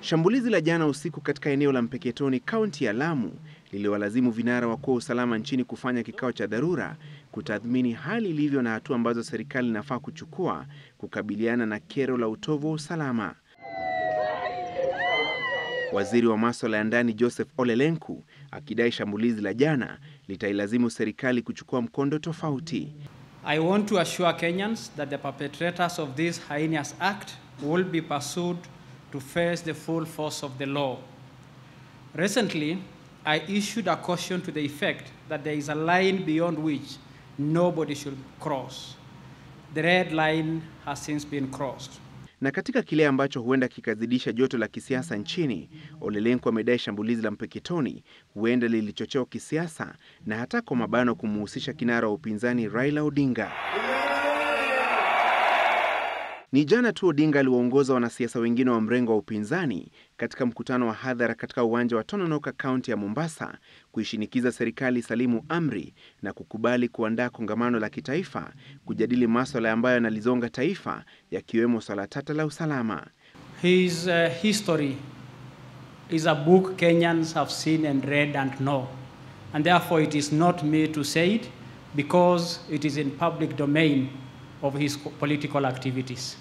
Shambulizi la jana usiku katika eneo la Mpeketoni, kaunti ya Lamu, liliwalazimu vinara wakuu wa usalama nchini kufanya kikao cha dharura kutathmini hali ilivyo na hatua ambazo serikali inafaa kuchukua kukabiliana na kero la utovu wa usalama. Waziri wa maswala ya ndani Joseph olelenku akidai shambulizi la jana litailazimu serikali kuchukua mkondo tofauti. I want to assure Kenyans that the perpetrators of this heinous act will be pursued to face the full force of the law. Recently, I issued a caution to the effect that there is a line beyond which nobody should cross. The red line has since been crossed. Na katika kile ambacho huenda kikazidisha joto la kisiasa nchini, Ole Lenku amedai shambulizi la Mpeketoni huenda lilichochewa kisiasa na hata kwa mabano kumuhusisha kinara wa upinzani Raila Odinga. Yeah. Ni jana tu Odinga aliwaongoza wanasiasa wengine wa mrengo wa upinzani katika mkutano wa hadhara katika uwanja wa Tononoka, kaunti ya Mombasa, kuishinikiza serikali salimu amri na kukubali kuandaa kongamano la kitaifa kujadili maswala ambayo yanalizonga taifa, yakiwemo swala tata la usalama. His, uh, history is a book Kenyans have seen and read and know. And therefore it is not me to say it because it is in public domain of his political activities.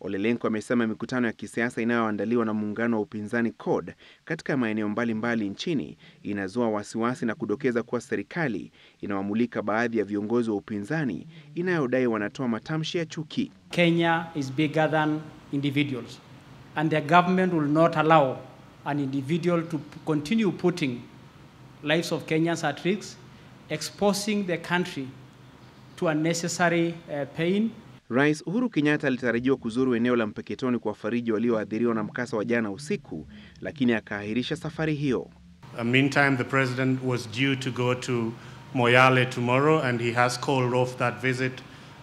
Olelenko amesema mikutano ya kisiasa inayoandaliwa na muungano wa upinzani CORD katika maeneo mbalimbali nchini inazua wasiwasi na kudokeza kuwa serikali inawamulika baadhi ya viongozi wa upinzani inayodai wanatoa matamshi ya chuki. Kenya is bigger than individuals and the government will not allow an individual to continue putting lives of Kenyans at risk, exposing the country to unnecessary uh, pain. Rais Uhuru Kenyatta alitarajiwa kuzuru eneo la Mpeketoni kwa kuwafariji walioathiriwa na mkasa wa jana usiku, lakini akaahirisha safari hiyo. Meantime, the president was due to go to Moyale tomorrow and he has called off that visit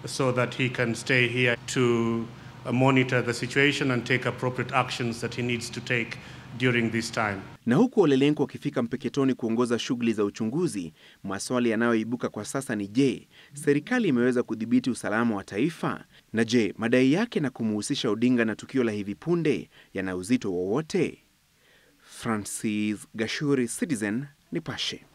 so that he can stay here to monitor the situation and take appropriate actions that he needs to take during this time. Na huku Olelenko wakifika Mpeketoni kuongoza shughuli za uchunguzi, maswali yanayoibuka kwa sasa ni je, serikali imeweza kudhibiti usalama wa taifa? Na je, madai yake na kumuhusisha Odinga na tukio la hivi punde yana uzito wowote? Francis Gashuri, Citizen Nipashe.